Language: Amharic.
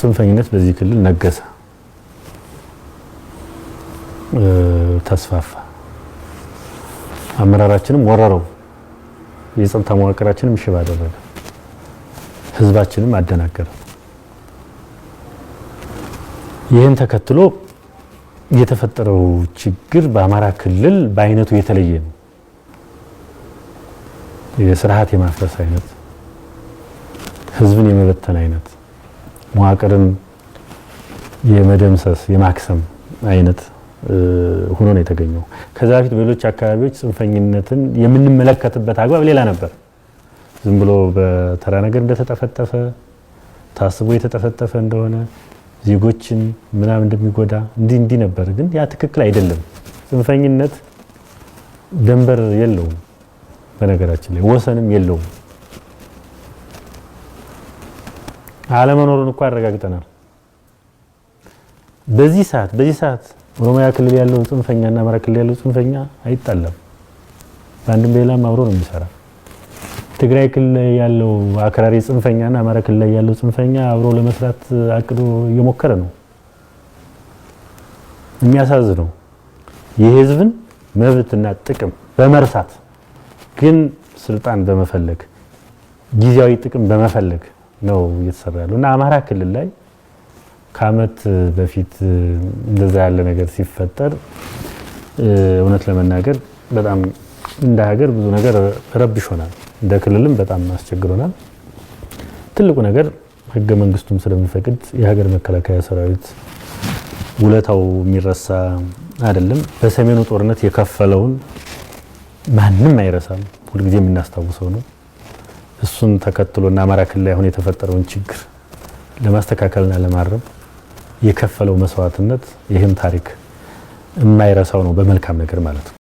ጽንፈኝነት በዚህ ክልል ነገሰ፣ ተስፋፋ። አመራራችንም ወረረው፣ የጸጥታ መዋቅራችንም ሽባ አደረገ፣ ህዝባችንም አደናገረ። ይህን ተከትሎ የተፈጠረው ችግር በአማራ ክልል በአይነቱ የተለየ ነው። የስርዓት የማፍረስ አይነት፣ ህዝብን የመበተን አይነት መዋቅርን የመደምሰስ የማክሰም አይነት ሆኖ ነው የተገኘው። ከዛ በፊት በሌሎች አካባቢዎች ጽንፈኝነትን የምንመለከትበት አግባብ ሌላ ነበር። ዝም ብሎ በተራ ነገር እንደተጠፈጠፈ ታስቦ የተጠፈጠፈ እንደሆነ ዜጎችን ምናምን እንደሚጎዳ እንዲህ እንዲህ ነበር። ግን ያ ትክክል አይደለም። ጽንፈኝነት ደንበር የለውም፣ በነገራችን ላይ ወሰንም የለውም። አለመኖሩን እኮ አረጋግጠናል። በዚህ ሰዓት በዚህ ሰዓት ኦሮሚያ ክልል ያለው ጽንፈኛ እና አማራ ክልል ያለው ጽንፈኛ አይጣለም። በአንድም በሌላም አብሮ ነው የሚሰራ። ትግራይ ክልል ያለው አክራሪ ጽንፈኛ እና አማራ ክልል ላይ ያለው ጽንፈኛ አብሮ ለመስራት አቅዶ እየሞከረ ነው። የሚያሳዝነው የህዝብን መብትና ጥቅም በመርሳት ግን ስልጣን በመፈለግ ጊዜያዊ ጥቅም በመፈለግ ነው እየተሰራ ያለው እና አማራ ክልል ላይ ከአመት በፊት እንደዛ ያለ ነገር ሲፈጠር እውነት ለመናገር በጣም እንደ ሀገር ብዙ ነገር ረብሾናል። እንደ ክልልም በጣም አስቸግሮናል። ትልቁ ነገር ህገ መንግስቱም ስለሚፈቅድ የሀገር መከላከያ ሰራዊት ውለታው የሚረሳ አይደለም። በሰሜኑ ጦርነት የከፈለውን ማንም አይረሳም። ሁልጊዜ የምናስታውሰው ነው። እሱን እና አማራ ክልል ላይ አሁን የተፈጠረውን ችግር ለማስተካከልና ለማረም የከፈለው መስዋዕትነት ይህም ታሪክ የማይረሳው ነው፣ በመልካም ነገር ማለት ነው።